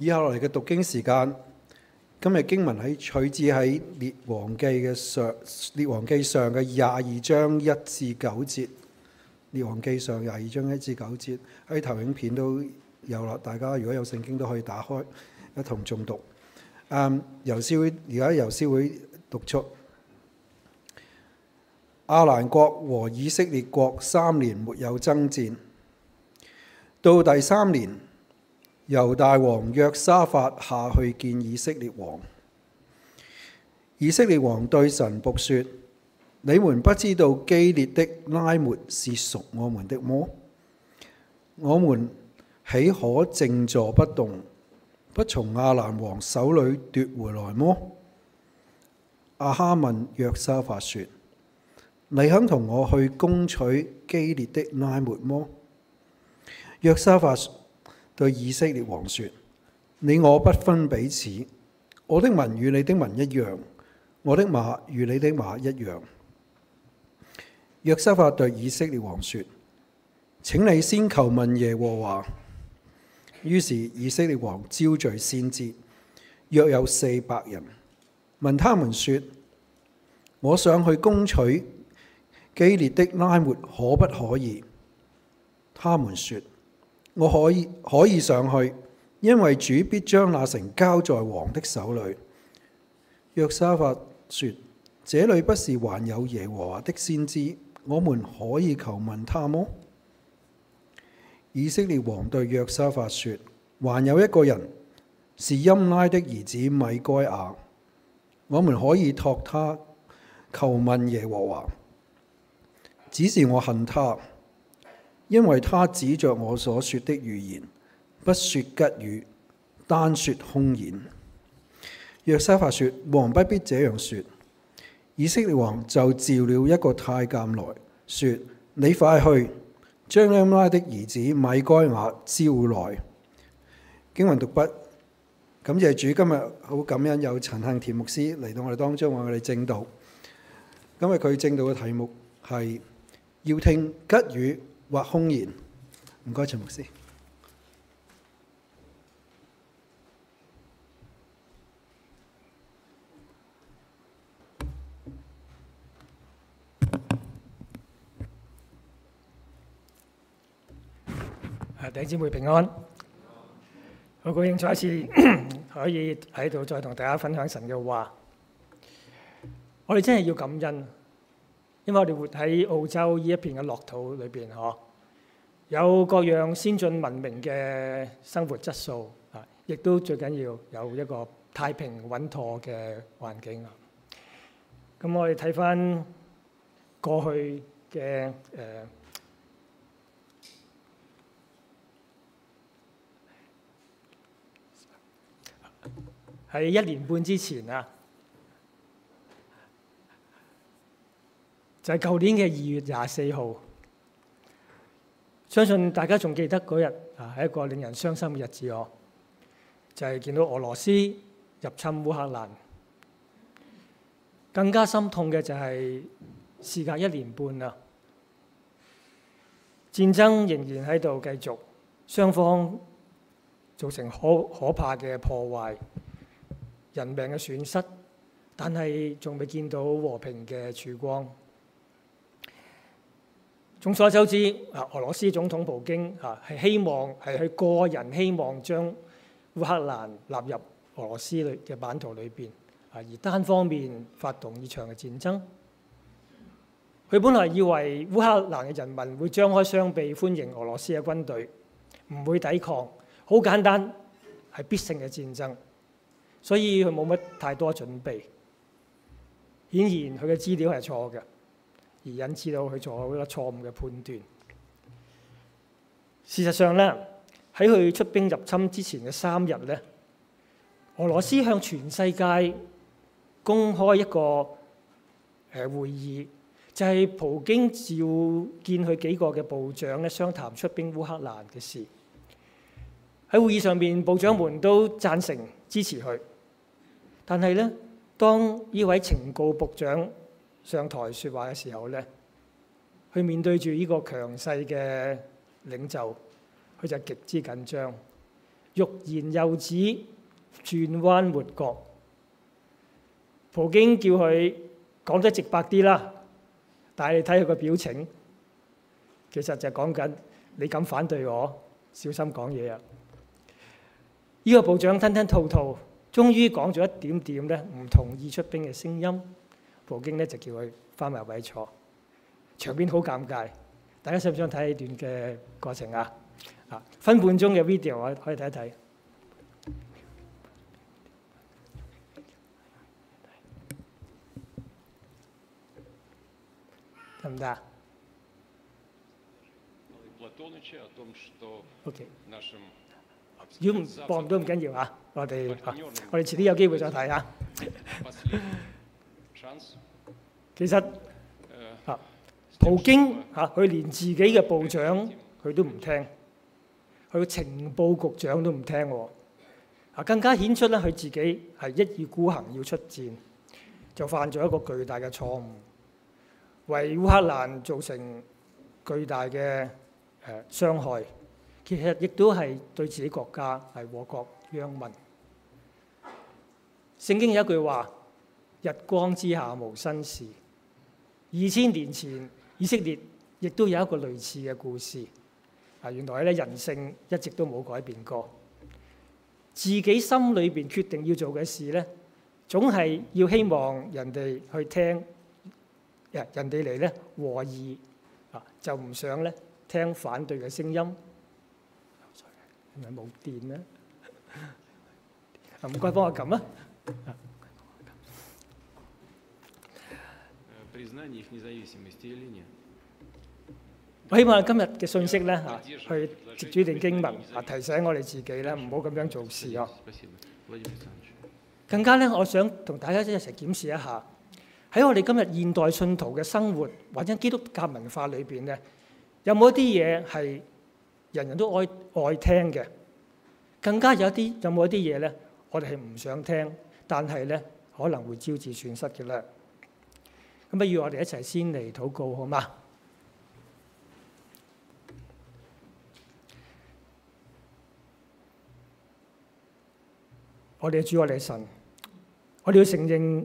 以下落嚟嘅讀經時間，今日經文喺取自喺《列王紀》嘅上《列王紀上》嘅廿二章一至九節，《列王紀上》廿二章一至九節喺投影片都有啦。大家如果有聖經都可以打開一同誦讀。誒、嗯，由司會而家由司會讀出：亞蘭國和以色列國三年沒有爭戰，到第三年。猶大王約沙法下去見以色列王。以色列王對神僕說：你們不知道基列的拉末是屬我們的麼？我們豈可靜坐不動，不從亞蘭王手裡奪回來麼？亞哈問約沙法說：你肯同我去攻取基列的拉末麼？約沙法。對以色列王說：你我不分彼此，我的民與你的民一樣，我的馬與你的馬一樣。約沙法對以色列王說：請你先求問耶和華。於是以色列王招聚先知，約有四百人，問他們說：我想去攻取基列的拉末，可不可以？他們說：我可以可以上去，因為主必將那城交在王的手裏。約沙法說：這裏不是還有耶和華的先知，我們可以求問他麼？以色列王對約沙法說：還有一個人是音拉的兒子米該雅，我們可以託他求問耶和華。只是我恨他。因為他指着我所說的預言，不說吉語，單說凶言。約沙法說：王不必這樣説。以色列王就召了一個太監來，説：你快去將亞拉的兒子米該雅召來。經文讀畢，感謝主今日好感恩有陳幸田牧師嚟到我哋當中，為我哋嚟證道。今日佢證道嘅題目係要聽吉語或凶言，唔該陳牧師。啊，弟兄姊妹平安！我好高興再一次可以喺度再同大家分享神嘅話，我哋真係要感恩。因為我哋活喺澳洲呢一片嘅樂土裏邊，嗬，有各樣先進文明嘅生活質素，啊，亦都最緊要有一個太平穩妥嘅環境啊。咁我哋睇翻過去嘅誒，喺一年半之前啊。就係、是、舊年嘅二月廿四號，相信大家仲記得嗰日啊，係一個令人傷心嘅日子。哦就係、是、見到俄羅斯入侵烏克蘭，更加心痛嘅就係事隔一年半啦，戰爭仍然喺度繼續，雙方造成可可怕嘅破壞、人命嘅損失，但係仲未見到和平嘅曙光。眾所周知，啊，俄羅斯總統普京啊，係希望係佢個人希望將烏克蘭納入俄羅斯裏嘅版圖裏邊啊，而單方面發動呢場嘅戰爭。佢本來以為烏克蘭嘅人民會張開雙臂歡迎俄羅斯嘅軍隊，唔會抵抗。好簡單，係必勝嘅戰爭，所以佢冇乜太多準備。顯然佢嘅資料係錯嘅。而引致到佢做咗一個錯誤嘅判斷。事實上咧，喺佢出兵入侵之前嘅三日咧，俄羅斯向全世界公開一個誒、呃、會議，就係、是、普京召見佢幾個嘅部長咧，商談出兵烏克蘭嘅事。喺會議上面，部長們都贊成支持佢。但係咧，當呢位情報部長，上台説話嘅時候咧，佢面對住呢個強勢嘅領袖，佢就極之緊張，欲言又止，轉彎抹角。普京叫佢講得直白啲啦，但係你睇佢個表情，其實就講緊你敢反對我，小心講嘢啊！呢、這個部長吞吞吐吐，終於講咗一點點咧唔同意出兵嘅聲音。部經咧，就叫佢翻埋位坐，場面好尷尬。大家想唔想睇一段嘅過程啊？啊，分半鐘嘅 video 可以睇一睇。得唔得？OK，有冇播唔到都唔緊要啊！我哋啊，我哋遲啲有機會再睇啊。其實啊，普京嚇佢連自己嘅部長佢都唔聽，佢嘅情報局長都唔聽，啊更加顯出咧佢自己係一意孤行要出戰，就犯咗一個巨大嘅錯誤，為烏克蘭造成巨大嘅誒傷害，其實亦都係對自己國家係禍國殃民。聖經有一句話。日光之下無新事。二千年前，以色列亦都有一個類似嘅故事。啊，原來咧人性一直都冇改變過。自己心裏邊決定要做嘅事咧，總係要希望人哋去聽。人人哋嚟咧和議啊，就唔想咧聽反對嘅聲音。係咪冇電咧？唔該幫我撳啊！我希望今日嘅信息咧嚇，去接住一段經文，嚇、啊、提醒我哋自己咧，唔好咁樣做事啊！更加咧，我想同大家一齊檢視一下，喺我哋今日現代信徒嘅生活或者基督教文化裏邊咧，有冇一啲嘢係人人都愛愛聽嘅？更加有啲，有冇一啲嘢咧？我哋係唔想聽，但係咧可能會招致損失嘅咧。咁不如我哋一齊先嚟禱告，好嘛？我哋嘅主，我哋嘅神，我哋要承認，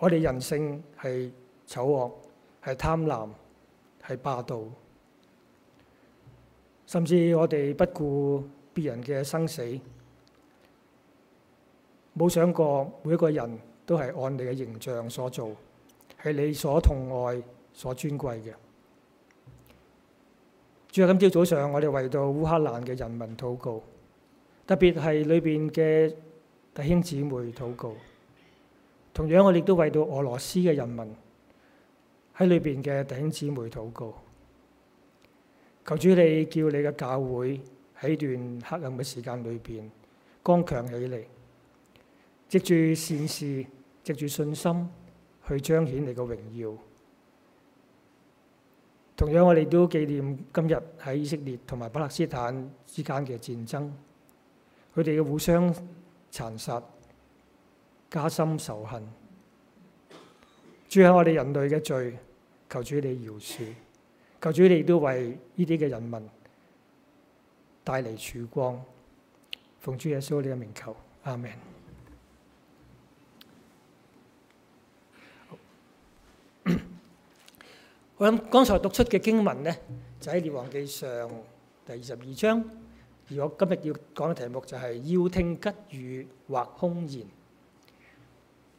我哋人性係醜惡、係貪婪、係霸道，甚至我哋不顧別人嘅生死，冇想過每一個人都係按你嘅形象所做。係你所痛愛、所尊貴嘅。主啊，今朝早上我哋為到烏克蘭嘅人民禱告，特別係裏面嘅弟兄姊妹禱告。同樣我哋都為到俄羅斯嘅人民喺裏面嘅弟兄姊妹禱告。求主你叫你嘅教會喺段黑暗嘅時間裏面，剛強起嚟，藉住善事，藉住信心。去彰顯你個榮耀。同樣，我哋都紀念今日喺以色列同埋巴勒斯坦之間嘅戰爭，佢哋嘅互相殘殺，加深仇恨，主喺我哋人類嘅罪。求主你饒恕，求主你亦都為呢啲嘅人民帶嚟曙光。奉主耶穌你嘅名求，阿門。我諗剛才讀出嘅經文咧，就喺列王紀上第二十二章。而我今日要講嘅題目就係要聽吉語或凶言。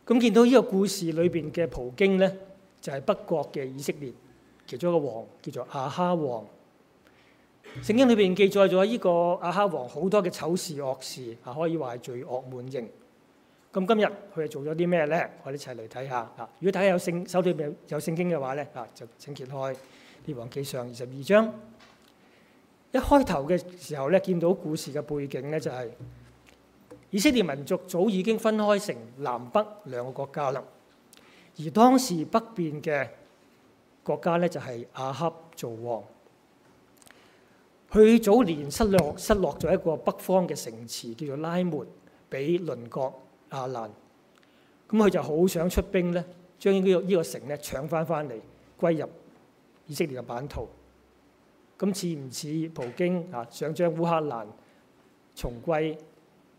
咁見到呢個故事裏邊嘅蒲經咧，就係北國嘅以色列其中一個王叫做亞哈王。聖經裏邊記載咗呢個亞哈王好多嘅醜事惡事，啊，可以話係罪惡滿盈。咁今日佢哋做咗啲咩咧？我哋一齊嚟睇下。嗱，如果大家有聖手袋入邊有聖經嘅話咧，嗱就請揭開《列王紀上》二十二章。一開頭嘅時候咧，見到故事嘅背景咧，就係、是、以色列民族早已經分開成南北兩個國家啦。而當時北邊嘅國家咧，就係、是、亞哈做王。佢早年失落失落咗一個北方嘅城池，叫做拉末，俾鄰國亞蘭，咁佢就好想出兵咧，將呢個呢個城咧搶翻翻嚟，歸入以色列嘅版圖。咁似唔似普京啊，想將烏克蘭重歸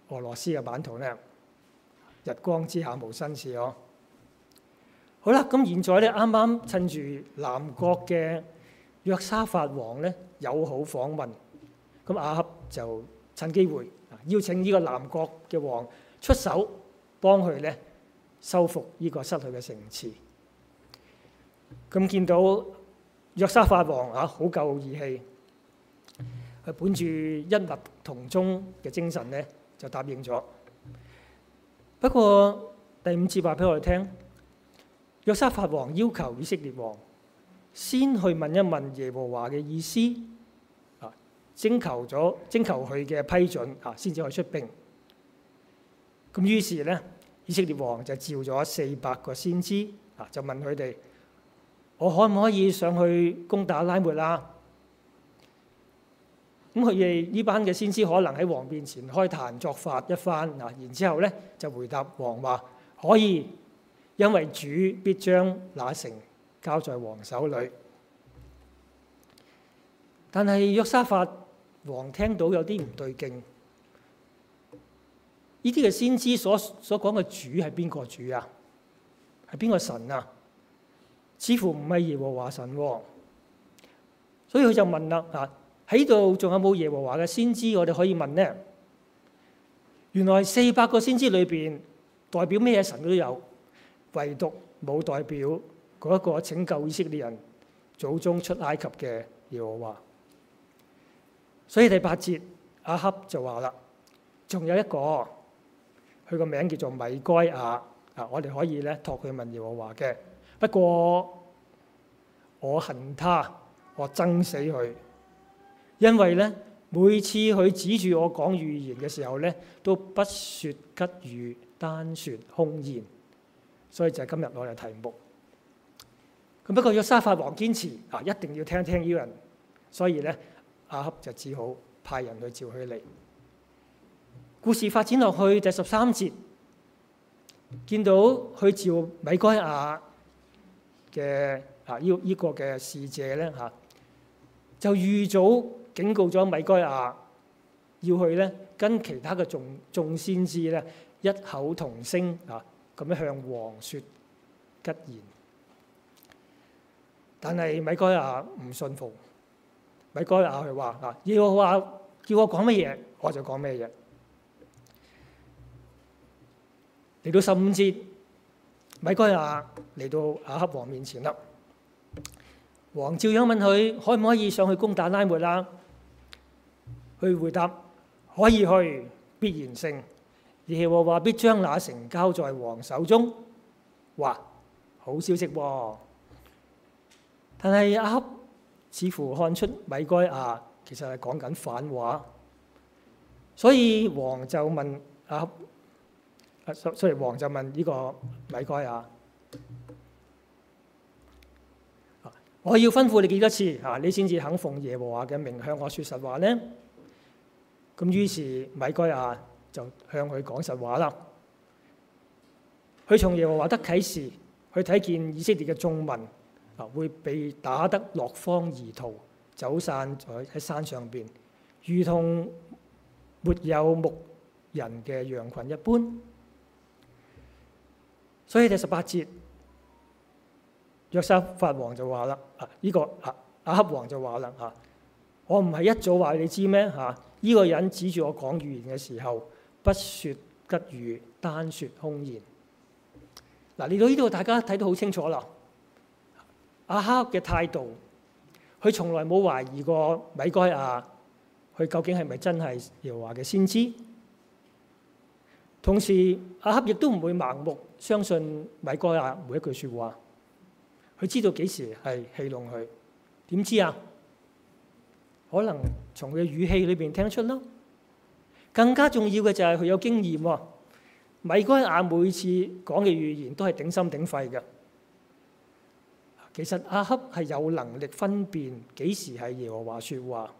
俄羅斯嘅版圖咧？日光之下無新事哦。好啦，咁現在咧，啱啱趁住南國嘅約沙法王咧，友好訪問，咁亞哈就趁機會啊，邀請呢個南國嘅王出手。幫佢咧修復呢個失去嘅城池。咁見到約沙法王嚇好夠義氣，佢本住一律同宗嘅精神咧就答應咗。不過第五節話俾我哋聽，約沙法王要求以色列王先去問一問耶和華嘅意思，啊，徵求咗徵求佢嘅批准啊，先至可以出兵。咁於是咧，以色列王就召咗四百個先知，就問佢哋：我可唔可以上去攻打拉末啊？咁佢哋呢班嘅先知可能喺王面前開壇作法一番，然之後咧就回答王話：可以，因為主必將那城交在王手裏。但係約沙法王聽到有啲唔對勁。呢啲嘅先知所所講嘅主係邊個主啊？係邊個神啊？似乎唔係耶和華神啊，所以佢就問啦嚇：喺度仲有冇耶和華嘅先知？我哋可以問呢？原來四百個先知裏邊，代表咩神都有，唯獨冇代表嗰一個拯救以色列人、祖宗出埃及嘅耶和華。所以第八節，亞哈就話啦：仲有一個。佢個名叫做米該亞啊！我哋可以咧託佢問耶和華嘅。不過我恨他，我憎死佢，因為咧每次佢指住我講預言嘅時候咧，都不説吉語，單説凶言。所以就係今日我哋題目。咁、啊、不過約沙法王堅持啊，一定要聽聽呢個人，所以咧亞哈就只好派人去召佢嚟。故事發展落去第十三節，見到去召米該雅嘅啊，要、這、呢個嘅、這個、使者咧嚇、啊，就預早警告咗米該雅要去咧，跟其他嘅眾眾先知咧一口同聲啊，咁樣向王説吉言。但係米該雅唔信服。米該雅佢話啊，要我話叫我講乜嘢，我就講咩嘢。嚟到十五節，米該亞嚟到阿黑王面前啦。王照樣問佢可唔可以上去攻打拉末啦？佢回答：可以去，必然勝。耶和華必將那城交在王手中。嘩，好消息喎，但係阿黑似乎看出米該亞其實係講緊反話，所以王就問阿黑。出嚟，王就問呢個米該雅：「我要吩咐你幾多次啊？你先至肯奉耶和華嘅名向我説實話呢？」咁於是米該雅就向佢講實話啦。佢從耶和華得啟示，佢睇見以色列嘅眾民啊，會被打得落荒而逃，走散在喺山上邊，如同沒有牧人嘅羊群一般。所以第十八節，約瑟法王就話啦，啊，依、這個啊，亞哈王就話啦，嚇、啊，我唔係一早話你，你知咩嚇？依、啊這個人指住我講語言嘅時候，不説吉語，單説凶言。嗱，嚟到呢度，大家睇得好清楚啦。亞哈嘅態度，佢從來冇懷疑過米該亞，佢究竟係咪真係耶和華嘅先知？同時，阿、啊、哈亦都唔會盲目，相信米該亞每一句説話，佢知道幾時係戲弄佢，點知啊？可能從佢嘅語氣裏邊聽得出咯。更加重要嘅就係佢有經驗喎。米該亞每次講嘅語言都係頂心頂肺嘅。其實亞哈係有能力分辨幾時係耶和華説話，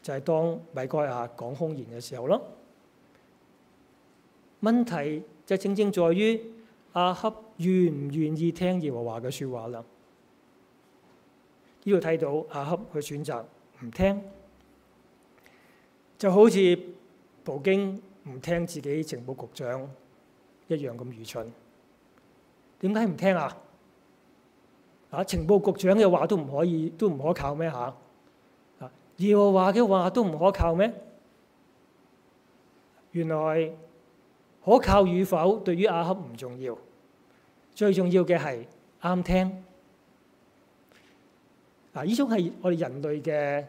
就係當米該亞講空言嘅時候咯。問題？就正正在於亞哈願唔願意聽耶和華嘅説話啦。呢度睇到亞哈去選擇唔聽，就好似普京唔聽自己情報局長一樣咁愚蠢。點解唔聽啊？啊，情報局長嘅話都唔可以，都唔可靠咩？嚇，耶和華嘅話都唔可靠咩？原來。口口語法對於阿哈唔重要。最重要嘅係啱聽。呢種係我哋人類嘅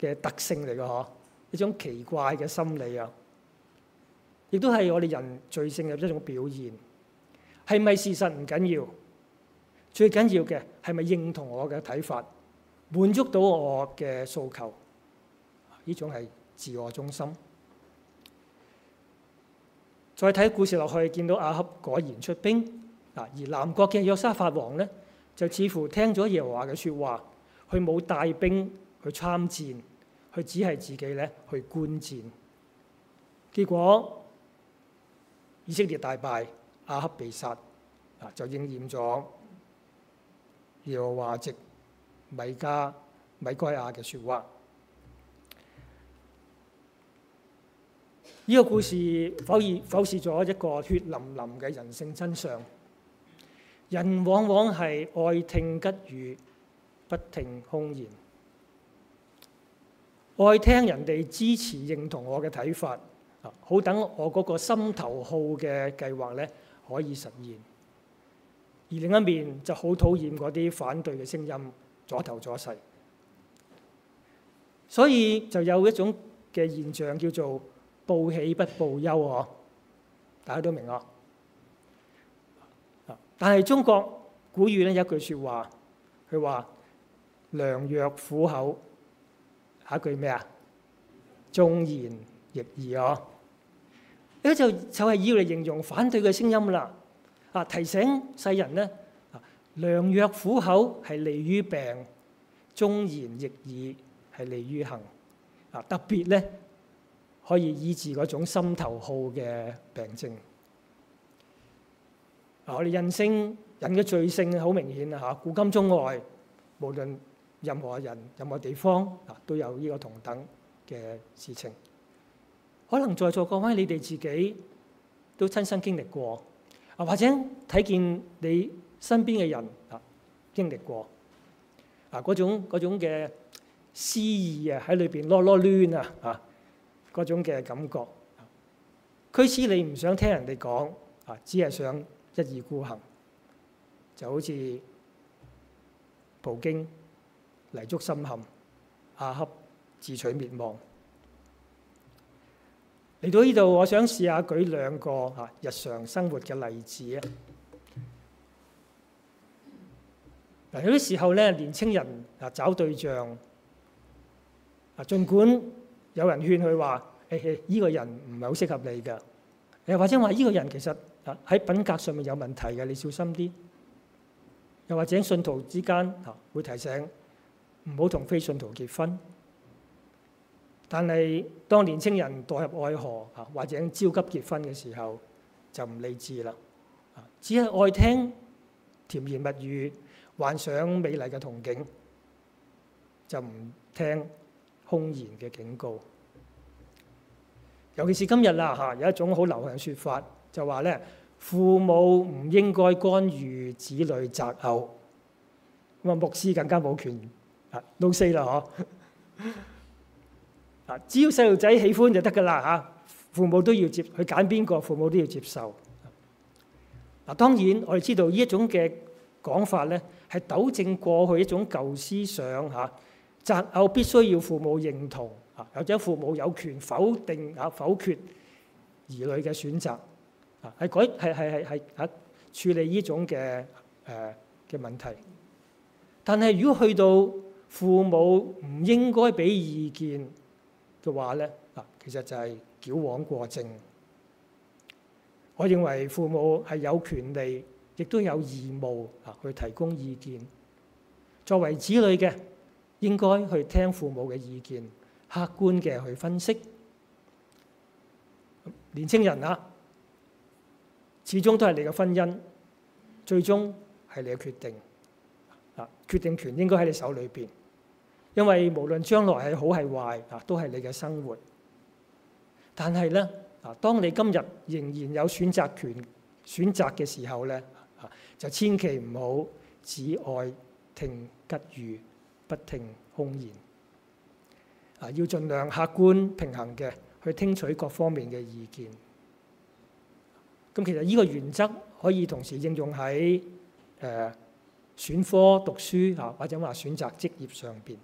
嘅特性嚟嘅呵，一種奇怪嘅心理啊，亦都係我哋人罪性嘅一種表現。係咪事實唔緊要，最緊要嘅係咪認同我嘅睇法，滿足到我嘅訴求？呢種係自我中心。再睇故事落去，見到阿克果然出兵，嗱，而南國嘅約沙法王咧，就似乎聽咗耶和華嘅説話，佢冇帶兵去參戰，佢只係自己咧去觀戰。結果以色列大敗，阿克被殺，啊，就應驗咗耶和華藉米加、米該亞嘅説話。呢、這個故事否以否視咗一個血淋淋嘅人性真相。人往往係愛聽吉語，不聽凶言；愛聽人哋支持認同我嘅睇法，好等我嗰個心頭好嘅計劃咧可以實現。而另一面就好討厭嗰啲反對嘅聲音阻頭阻勢，所以就有一種嘅現象叫做報喜不報憂嗬，大家都明啊。但係中國古語呢，有一句説話，佢話良藥苦口，下一句咩啊？忠言逆耳嗬。呢就就係以嚟形容反對嘅聲音啦。啊，提醒世人咧，良藥苦口係利於病，忠言逆耳係利於行。啊，特別咧。可以醫治嗰種心頭好嘅病症。嗱，我哋人性人嘅罪性好明顯啊！嚇，古今中外，無論任何人、任何地方，嗱，都有呢個同等嘅事情。可能在座各位你哋自己都親身經歷過，啊，或者睇見你身邊嘅人啊經歷過，嗱，嗰種嗰種嘅私意啊喺裏邊囉囉攣啊嚇。嗰種嘅感覺，驅使你唔想聽人哋講，啊，只係想一意孤行，就好似普京、泥足深陷、亞哈自取滅亡。嚟到呢度，我想試下舉兩個啊日常生活嘅例子啊。嗱，有啲時候咧，年青人啊找對象啊，儘管，有人勸佢話：依、哎哎呢個人唔係好適合你㗎，又或者話呢個人其實喺品格上面有問題㗎，你小心啲。又或者信徒之間會提醒，唔好同非信徒結婚。但係當年青人墮入愛河，或者焦急結婚嘅時候，就唔理智啦。只係愛聽甜言蜜語，幻想美麗嘅憧憬，就唔聽。公然嘅警告，尤其是今日啦嚇、啊，有一種好流行説法，就話咧父母唔應該干預子女擇偶，咁、嗯、啊牧師更加冇權啊老四啦呵，啊，死啊 只要細路仔喜歡就得噶啦嚇，父母都要接去揀邊個，父母都要接受。嗱、啊、當然我哋知道呢一種嘅講法咧，係糾正過去一種舊思想嚇。啊擇偶必須要父母認同啊，或者父母有權否定啊否決兒女嘅選擇啊，係嗰係係係係處理呢種嘅誒嘅問題。但係如果去到父母唔應該俾意見嘅話咧啊，其實就係矯枉過正。我認為父母係有權利，亦都有義務啊去提供意見，作為子女嘅。應該去聽父母嘅意見，客觀嘅去分析。年青人啊，始終都係你嘅婚姻，最終係你嘅決定啊。決定權應該喺你手裏邊，因為無論將來係好係壞啊，都係你嘅生活。但係咧啊，當你今日仍然有選擇權，選擇嘅時候咧，就千祈唔好只愛聽吉語。不停控言啊，要儘量客觀平衡嘅去聽取各方面嘅意見。咁其實呢個原則可以同時應用喺誒、呃、選科讀書啊，或者話選擇職業上邊。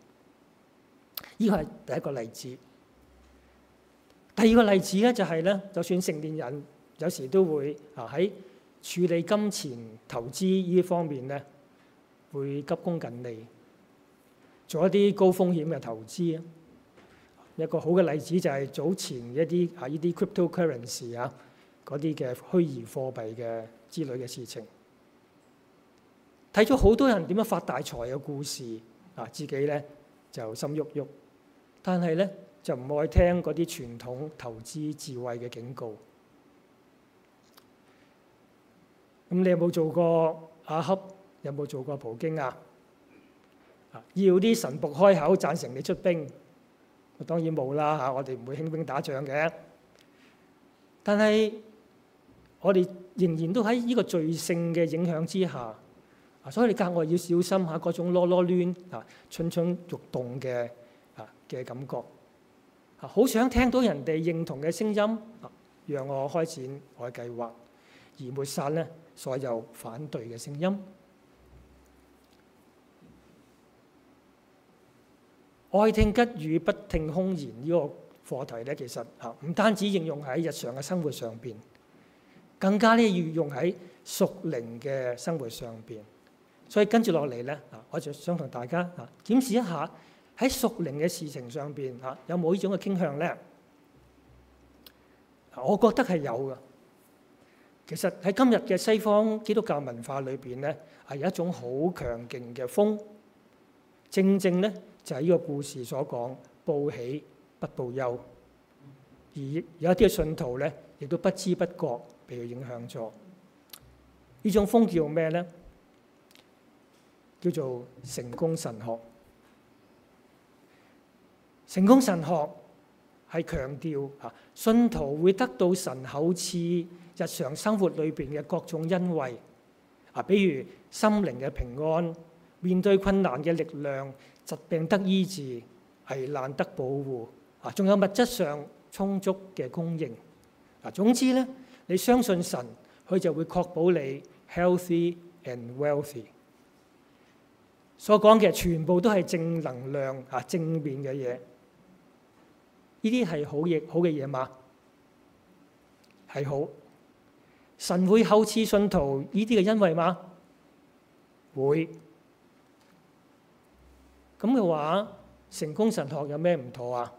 呢個係第一個例子。第二個例子咧就係、是、咧，就算成年人有時都會啊喺處理金錢投資呢方面咧，會急功近利。做一啲高風險嘅投資，一個好嘅例子就係早前一啲啊依啲 cryptocurrency 啊嗰啲嘅虛擬貨幣嘅之類嘅事情，睇咗好多人點樣發大財嘅故事，啊自己咧就心郁郁，但係咧就唔愛聽嗰啲傳統投資智慧嘅警告。咁你有冇做過阿克？有冇做過葡京啊？啊！要啲神僕開口贊成你出兵，我當然冇啦嚇！我哋唔會輕兵打仗嘅。但係我哋仍然都喺呢個罪性嘅影響之下，所以你格外要小心下嗰種囉囉攣啊、蠢蠢欲動嘅啊嘅感覺。啊！好想聽到人哋認同嘅聲音，讓我開展我嘅計劃，而抹殺咧所有反對嘅聲音。愛聽吉語，不聽凶言。呢個課題咧，其實嚇唔單止應用喺日常嘅生活上邊，更加咧要用喺屬靈嘅生活上邊。所以跟住落嚟咧，我就想同大家啊檢視一下喺屬靈嘅事情上邊嚇有冇呢種嘅傾向咧？我覺得係有㗎。其實喺今日嘅西方基督教文化裏邊咧，係有一種好強勁嘅風，正正咧。就喺、是、呢個故事所講，報喜不報憂，而有一啲嘅信徒咧，亦都不知不覺被佢影響咗。呢種風叫咩咧？叫做成功神學。成功神學係強調啊信徒會得到神口賜日常生活裏邊嘅各種恩惠啊，比如心靈嘅平安、面對困難嘅力量，疾病得醫治，係難得保護啊！仲有物質上充足嘅供應啊！總之咧，你相信神，佢就會確保你 healthy and wealthy。所講嘅全部都係正能量啊，正面嘅嘢。呢啲係好嘢，好嘅嘢嘛，係好。神會厚賜信徒呢啲嘅恩惠嗎？會。咁嘅話，成功神學有咩唔妥啊？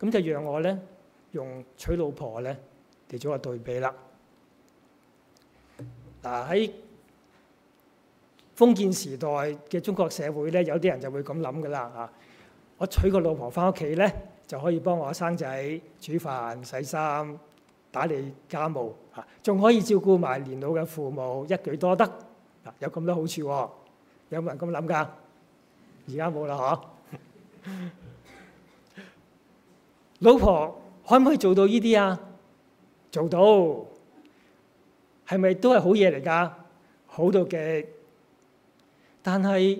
咁就讓我咧用娶老婆咧嚟做個對比啦。嗱，喺封建時代嘅中國社會咧，有啲人就會咁諗噶啦啊！我娶個老婆翻屋企咧，就可以幫我生仔、煮飯、洗衫、打理家務啊，仲可以照顧埋年老嘅父母，一舉多得啊！有咁多好處喎。有冇人咁諗噶？而家冇啦，嗬！老婆可唔可以做到呢啲啊？做到，係咪都係好嘢嚟噶？好到極，但係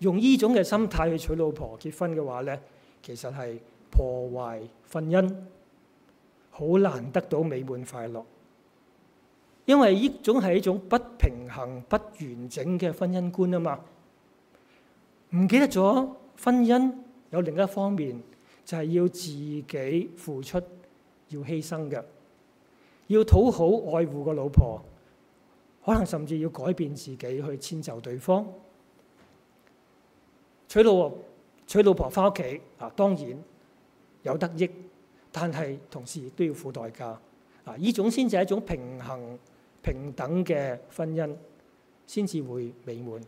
用呢種嘅心態去娶老婆、結婚嘅話咧，其實係破壞婚姻，好難得到美滿快樂。因為呢種係一種不平衡、不完整嘅婚姻觀啊嘛。唔記得咗婚姻有另一方面，就係要自己付出、要犧牲嘅，要討好愛護個老婆，可能甚至要改變自己去遷就對方。娶老婆，娶老婆翻屋企啊，當然有得益，但係同時都要付代價。啊，呢種先至係一種平衡平等嘅婚姻，先至會美滿。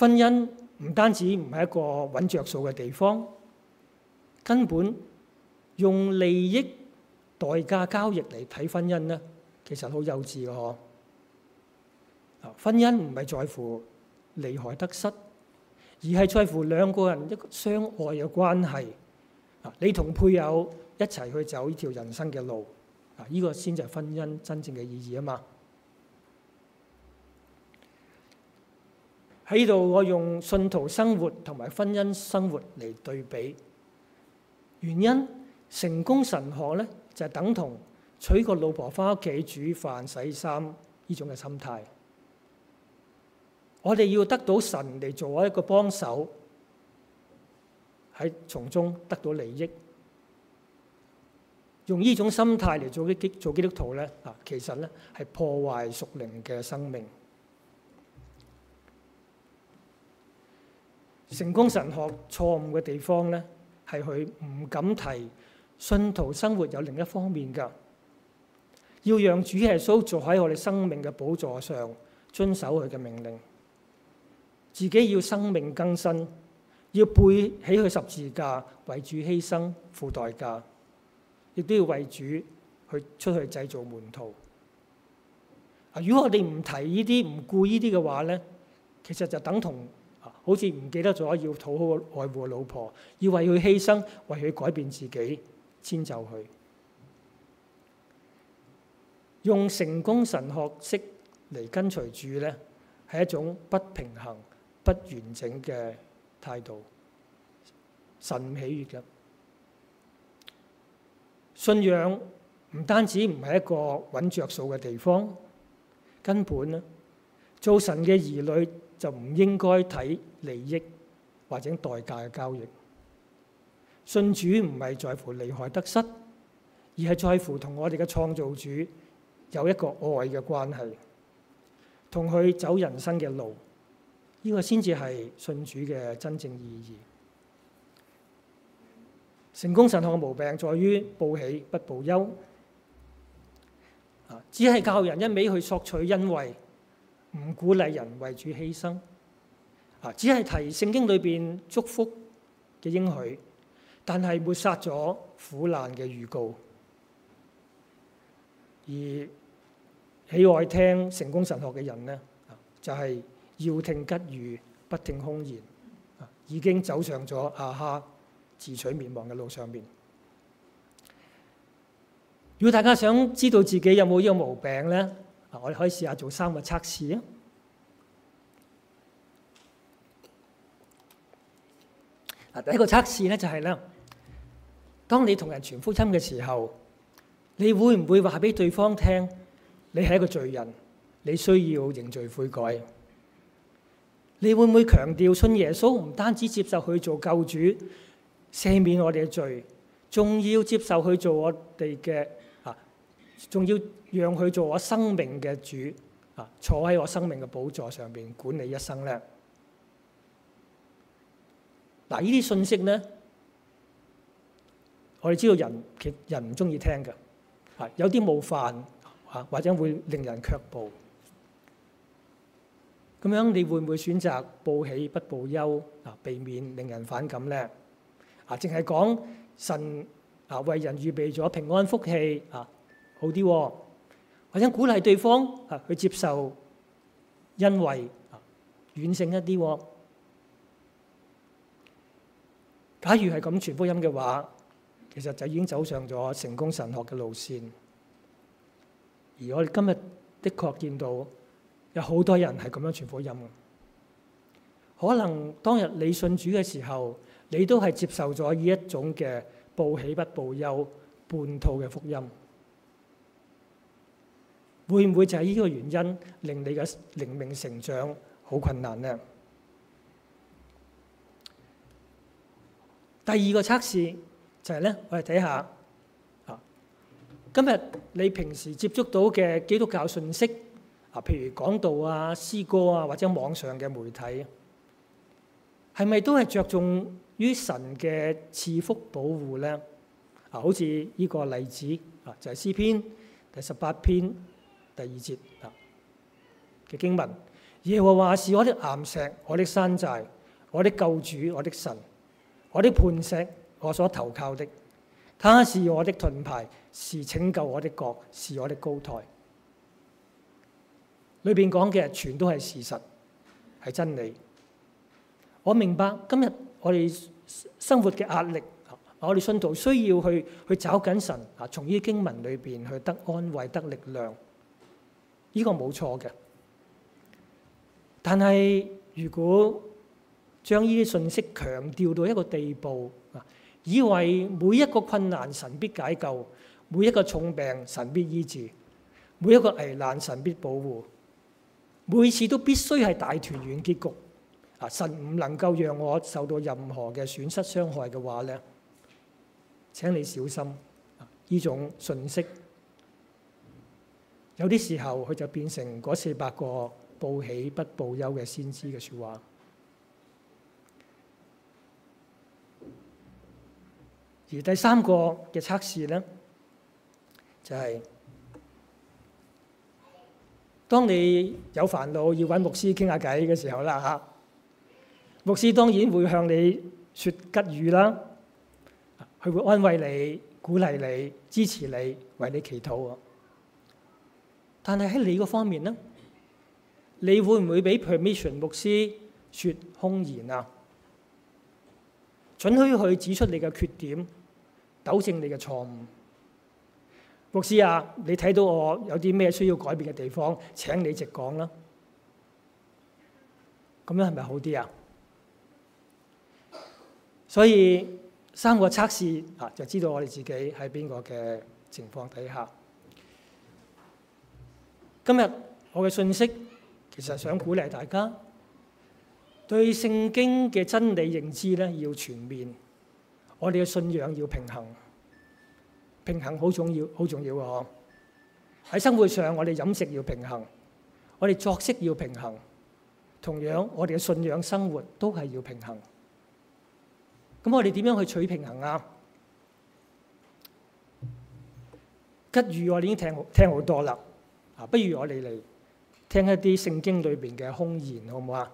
婚姻唔單止唔係一個揾著數嘅地方，根本用利益代價交易嚟睇婚姻咧，其實好幼稚嘅嗬。婚姻唔係在乎利害得失，而係在乎兩個人一個相愛嘅關係。啊，你同配偶一齊去走呢條人生嘅路，啊，呢個先就係婚姻真正嘅意義啊嘛。喺度，我用信徒生活同埋婚姻生活嚟對比。原因，成功神學咧就等同娶個老婆返屋企煮飯洗衫呢種嘅心態。我哋要得到神嚟做一個幫手，喺從中得到利益，用呢種心態嚟做基做基督徒咧，嗱，其實咧係破壞屬靈嘅生命。成功神學錯誤嘅地方咧，係佢唔敢提信徒生活有另一方面噶，要讓主耶穌坐喺我哋生命嘅寶座上，遵守佢嘅命令，自己要生命更新，要背起佢十字架為主犧牲付代價，亦都要為主去出去製造門徒。啊！如果我哋唔提呢啲，唔顧呢啲嘅話咧，其實就等同。好似唔記得咗要討好愛護老婆，要為佢犧牲，為佢改變自己，遷就佢。用成功神學式嚟跟隨住呢，係一種不平衡、不完整嘅態度。神唔喜悅嘅。信仰唔單止唔係一個搵著數嘅地方，根本呢，做神嘅兒女，就唔應該睇利益或者代價嘅交易。信主唔係在乎利害得失，而係在乎同我哋嘅創造主有一個愛嘅關係，同佢走人生嘅路，呢個先至係信主嘅真正意義。成功神學嘅毛病在於報喜不報憂，只係教人一味去索取恩惠。唔鼓勵人為主犧牲，啊，只係提聖經裏邊祝福嘅應許，但係抹殺咗苦難嘅預告。而喜愛聽成功神學嘅人咧，就係、是、要聽吉語，不聽凶言，已經走上咗阿哈自取滅亡嘅路上面。如果大家想知道自己有冇呢個毛病咧？我哋可以試下做三個測試啊！第一個測試咧就係咧，當你同人傳福音嘅時候，你會唔會話俾對方聽你係一個罪人，你需要認罪悔改？你會唔會強調信耶穌唔單止接受去做救主，赦免我哋嘅罪，仲要接受去做我哋嘅？仲要讓佢做我生命嘅主啊，坐喺我生命嘅寶座上面管理一生咧。嗱、啊，呢啲信息咧，我哋知道人其人唔中意聽嘅啊，有啲冒犯啊，或者會令人卻步。咁樣你會唔會選擇報喜不報憂啊？避免令人反感咧啊？淨係講神啊，為人預備咗平安福氣啊。好啲、哦，或者鼓勵對方啊去接受恩惠啊，軟性一啲、哦。假如係咁傳福音嘅話，其實就已經走上咗成功神學嘅路線。而我哋今日的確見到有好多人係咁樣傳福音。可能當日你信主嘅時候，你都係接受咗呢一種嘅報喜不報憂半套嘅福音。會唔會就係呢個原因令你嘅靈命成長好困難咧？第二個測試就係咧，我哋睇下啊，今日你平時接觸到嘅基督教信息啊，譬如講道啊、詩歌啊，或者網上嘅媒體，係咪都係着重於神嘅賜福保護咧？啊，好似呢個例子啊，就係詩篇第十八篇。第二節嘅經文，耶和華是我的岩石，我的山寨，我的救主，我的神，我的磐石，我所投靠的。他是我的盾牌，是拯救我的國，是我的高台。裏邊講嘅全都係事實，係真理。我明白今日我哋生活嘅壓力，我哋信徒需要去去找緊神，從呢啲經文裏邊去得安慰、得力量。呢個冇錯嘅，但係如果將呢啲信息強調到一個地步啊，以為每一個困難神必解救，每一個重病神必醫治，每一個危難神必保護，每次都必須係大團圓結局啊！神唔能夠讓我受到任何嘅損失傷害嘅話咧，請你小心，呢種信息。有啲時候，佢就變成嗰四百個報喜不報憂嘅先知嘅説話。而第三個嘅測試呢，就係、是、當你有煩惱要揾牧師傾下偈嘅時候啦，嚇！牧師當然會向你説吉語啦，佢會安慰你、鼓勵你、支持你、為你祈禱。但係喺你嗰方面咧，你會唔會俾 permission 牧師説空言啊？准許去指出你嘅缺點，糾正你嘅錯誤。牧師啊，你睇到我有啲咩需要改變嘅地方？請你直講啦。咁樣係咪好啲啊？所以三個測試啊，就知道我哋自己喺邊個嘅情況底下。今日我嘅信息，其實想鼓勵大家對聖經嘅真理認知咧，要全面。我哋嘅信仰要平衡，平衡好重要，好重要嘅嗬。喺生活上，我哋飲食要平衡，我哋作息要平衡。同樣，我哋嘅信仰生活都係要平衡。咁我哋點樣去取平衡啊？吉語我哋已經聽聽好多啦。不如我哋嚟聽一啲聖經裏邊嘅凶言，好唔好啊？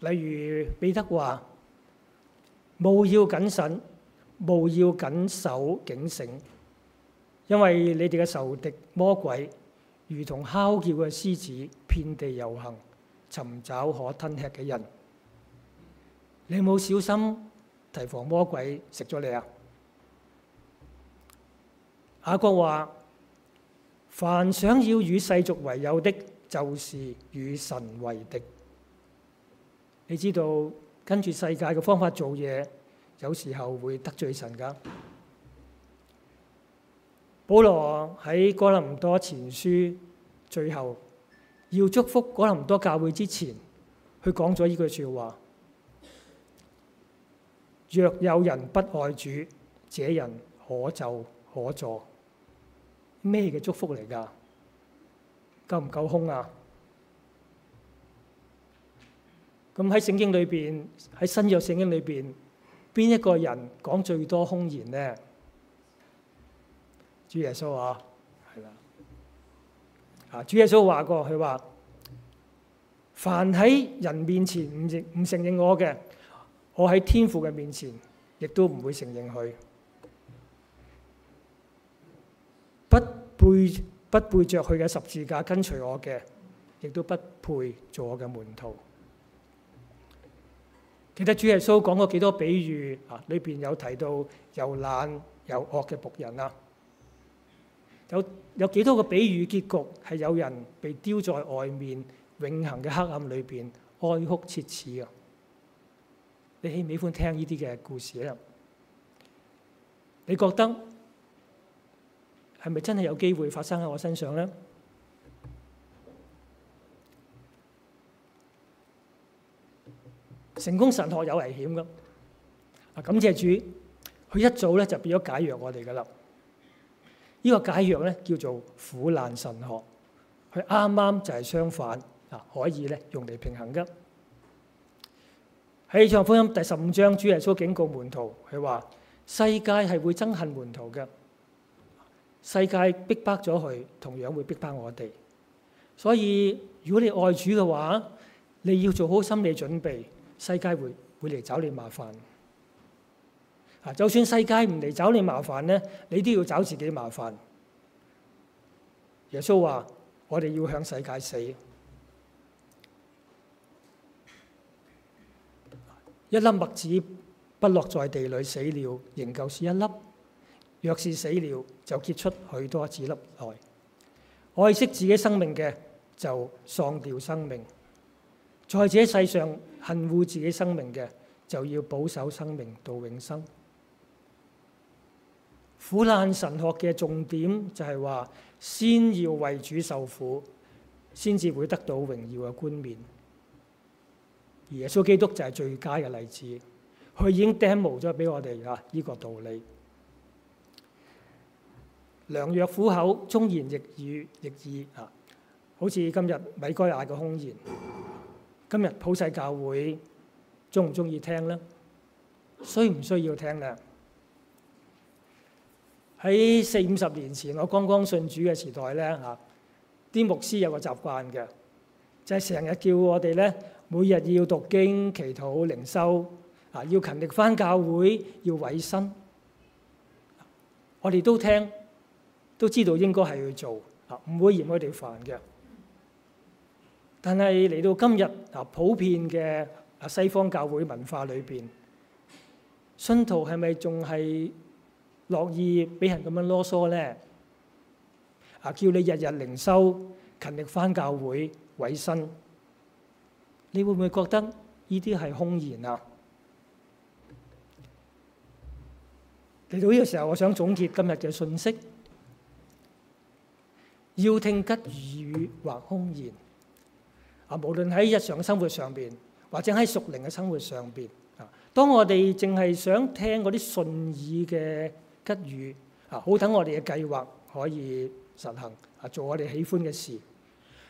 例如彼得話：務要謹慎，務要謹守警醒，因為你哋嘅仇敵魔鬼，如同敲叫嘅獅子，遍地遊行，尋找可吞吃嘅人。你冇小心提防魔鬼食咗你啊！雅各話，凡想要與世俗為友的，就是與神為敵。你知道跟住世界嘅方法做嘢，有時候會得罪神㗎。保羅喺哥林多前書最後要祝福哥林多教會之前，佢講咗呢句說話：若有人不愛主，這人可就可助。咩嘅祝福嚟㗎？夠唔夠凶啊？咁喺聖經裏邊，喺新約聖經裏邊，邊一個人講最多凶言呢？「主耶穌啊，係啦，啊，主耶穌話過佢話：凡喺人面前唔認唔承認我嘅，我喺天父嘅面前亦都唔會承認佢。背不背着佢嘅十字架，跟隨我嘅，亦都不配做我嘅門徒。記得主耶穌講過幾多比喻啊？裏邊有提到又懶又惡嘅僕人啊，有有幾多個比喻結局係有人被丟在外面永恒嘅黑暗裏邊哀哭切齒啊！你喜唔喜歡聽呢啲嘅故事咧？你覺得？係咪真係有機會發生喺我身上咧？成功神學有危險噶，啊！感謝主，佢一早咧就變咗解藥我哋噶啦。呢個解藥咧叫做苦難神學，佢啱啱就係相反啊，可以咧用嚟平衡噶。約翰福音第十五章，主耶穌警告門徒，佢話世界係會憎恨門徒嘅。世界逼迫咗佢，同樣會逼迫，迫我哋。所以如果你愛主嘅話，你要做好心理準備，世界會會嚟找你麻煩。啊，就算世界唔嚟找你麻煩咧，你都要找自己麻煩。耶穌話：我哋要向世界死。一粒麥子不落在地裏死了，仍舊是一粒。若是死了，就結出許多子粒來。愛惜自己生命嘅，就喪掉生命；在這世上恨護自己生命嘅，就要保守生命到永生。苦難神學嘅重點就係話，先要為主受苦，先至會得到榮耀嘅冠冕。而耶穌基督就係最佳嘅例子，佢已經 demo 咗俾我哋喇呢個道理。良藥苦口，忠言逆耳，逆耳啊！好似今日米該雅嘅兇言，今日普世教會鍾唔鍾意聽咧？需唔需要聽咧？喺四五十年前，我剛剛信主嘅時代咧，嚇啲牧師有個習慣嘅，就係成日叫我哋咧，每日要讀經、祈禱、靈修啊，要勤力返教會、要委身。我哋都聽。都知道應該係去做，啊，唔會嫌佢哋煩嘅。但係嚟到今日，啊，普遍嘅啊，西方教會文化裏邊，信徒係咪仲係樂意俾人咁樣囉嗦咧？啊，叫你日日靈修，勤力返教會，委身，你會唔會覺得呢啲係空言啊？嚟到呢個時候，我想總結今日嘅信息。要聽吉語或凶言，啊，無論喺日常生活上邊，或者喺屬靈嘅生活上邊，啊，當我哋淨係想聽嗰啲順耳嘅吉語，啊，好等我哋嘅計劃可以實行，啊，做我哋喜歡嘅事，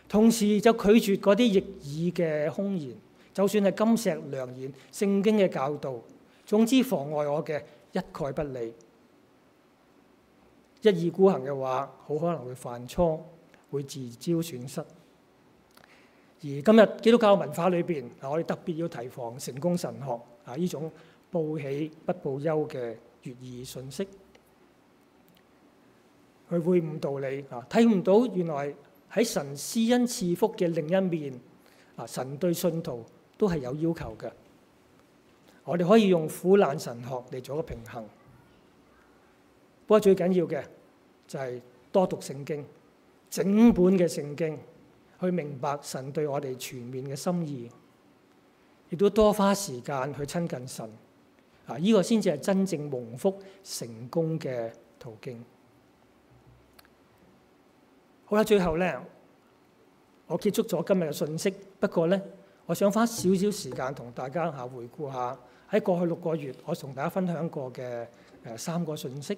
同時就拒絕嗰啲逆耳嘅凶言，就算係金石良言、聖經嘅教導，總之妨礙我嘅一概不理。一意孤行嘅話，好可能會犯錯，會自招損失。而今日基督教文化裏邊，我哋特別要提防成功神學啊，呢種報喜不報憂嘅悅耳信息，佢會誤導你啊，睇唔到原來喺神施恩賜福嘅另一面啊，神對信徒都係有要求嘅。我哋可以用苦難神學嚟做個平衡。不過最緊要嘅就係多讀聖經，整本嘅聖經去明白神對我哋全面嘅心意，亦都多花時間去親近神啊！呢個先至係真正蒙福成功嘅途徑。好啦，最後咧，我結束咗今日嘅信息。不過咧，我想花少少時間同大家嚇回顧下喺過去六個月，我同大家分享過嘅誒三個信息。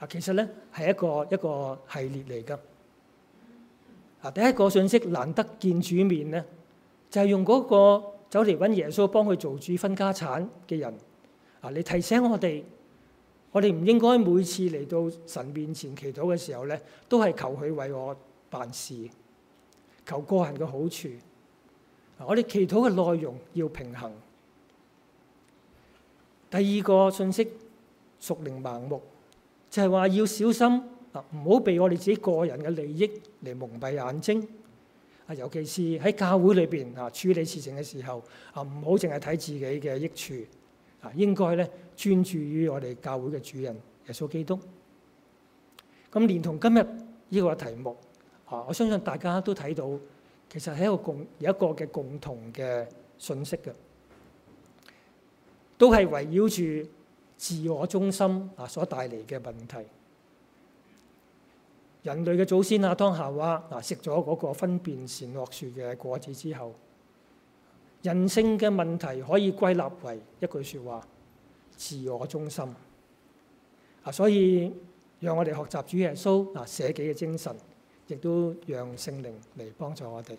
嗱，其實咧係一個一個系列嚟㗎。啊，第一個信息難得見主面咧，就係、是、用嗰個走嚟揾耶穌幫佢做主分家產嘅人，啊，你提醒我哋，我哋唔應該每次嚟到神面前祈禱嘅時候咧，都係求佢為我辦事，求個人嘅好處。我哋祈禱嘅內容要平衡。第二個信息，屬靈盲目。就係話要小心啊，唔好被我哋自己個人嘅利益嚟蒙蔽眼睛啊，尤其是喺教會裏邊啊處理事情嘅時候啊，唔好淨係睇自己嘅益處啊，應該咧專注於我哋教會嘅主人耶穌基督。咁連同今日呢個題目啊，我相信大家都睇到，其實係一個共有一個嘅共同嘅信息嘅，都係圍繞住，自我中心啊，所帶嚟嘅問題，人類嘅祖先阿當、夏娃嗱，食咗嗰個分辨善惡樹嘅果子之後，人性嘅問題可以歸納為一句説話：自我中心。啊，所以讓我哋學習主耶穌啊，捨己嘅精神，亦都讓聖靈嚟幫助我哋。